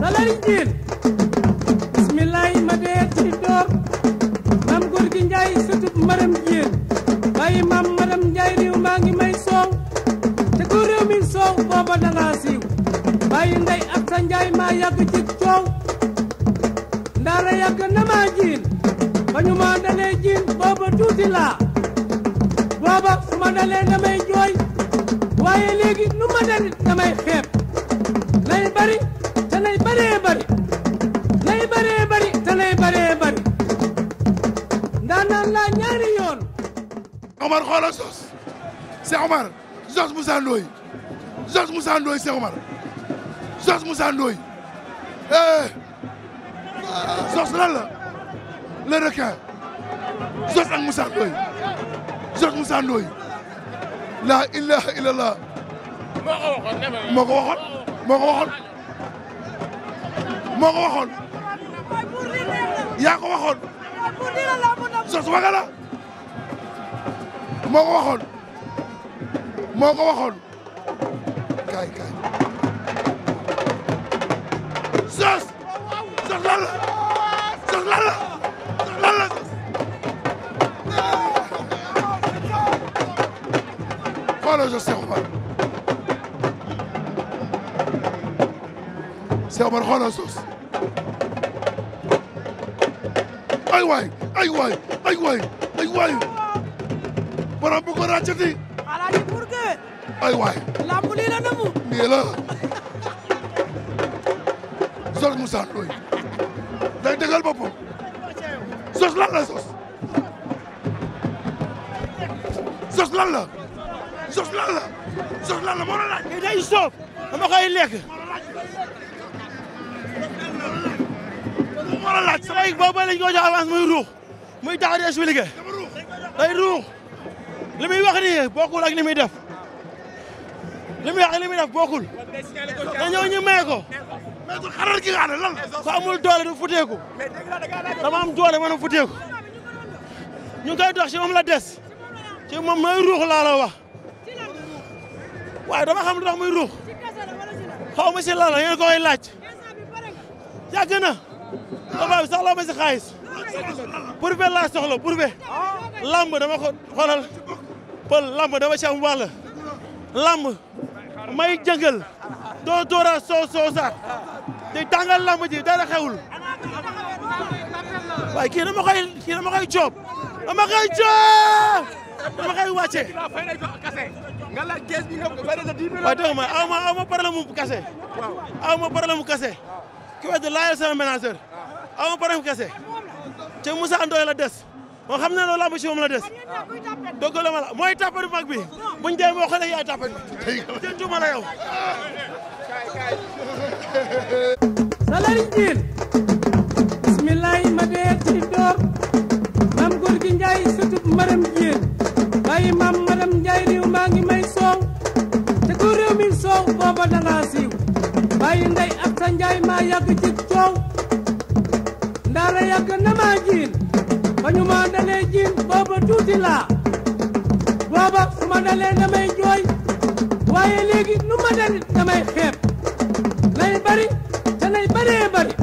salay jiin bismillaay ma dee ci door maam góor njaay sëtub maram jiin bàyyi maam maram njaay réew maa ngi may soow te ku réew mi soow booba danga siiw bàyyi ndey ak sa njaay maa yàgg ci coow ndaara yàgg na maa jiin ba dalee jiin booba tuuti laa booba ma dalee damay jooy waaye léegi nu ma dalit damay xeeb nay bari te nay bëree bëri lay bëree bëri te lay bëree bëri laa ñaari yoon Omar xoolal sos Cheikh Omar sos Moussa Ndoye sos Moussa Ndoye Cheikh Omar sos Moussa Ndoye eh. sos le requin sos ak Moussa Ndoye sos Moussa Ndoye la ilaha illallah moo ko waxoon moo moo ko waxoon yaa ko waxoon sos waga la moo ko waxoon moo ko waxoon kaay kaay sos sos lan la sos lan la sos lan la ay waay ay waay ay waay ay waay borom bu ko ràccati alaaji pour ay waay lamb lii la namu lii la sos Moussa Ndoye day dëggal boppam sos lan la sos sos lan la sos lan la la moo day soof dama koy lekk mu war a laaj samay muy ruux muy taxaw di expliqué day ruux li muy wax nii bokkul ak li muy def li muy ak li muy def bokkul dañoo ñu may ko mais gi nga xam ne amul doole du futeeku dama am doole mën a futeeku ñu koy dox ci moom la des ci moom mooy ruux laa la waaye dama xam lu tax muy ruux xaw ma si lan la ngeen koy laaj. yàgg na combat bi soxla ma si xaalis pourbe laa soxla pourbe lamb dama ko xoolal pël lamb dama ci am wàll lamb may jëngal doo dooraa soo soosaat te lamb ji dara xewul waaye kii dama koy kii dama koy joob dama koy joob dama koy wàcce nga la kees bi nga bëri na ma aw ma aw kase aw ma kase ku wedd laajal sama ménageur ah. aw ma borom kese ci Moussa Ndoye la des moo xam na loolu lamb ci moom la des ah. ah, dogg la ma la mooy tàppat bu mag bi buñ dee moo xale yaay tàppat bi jëntuma la yow salari jiin bismilaay ma dee ci door maam góor gi njaay sëtub maram jiin bàyyi maam maram njaay réew maa ngi may soow te ko réew mi soow booba danga njaay maa yàgg ci coow ndaara yàgg na maa jiin ba ñu ma dalee jiin booba tuuti laa booba ma dalee damay jooy waaye léegi nu ma dalit damay xeeb nay bari te nay baree bari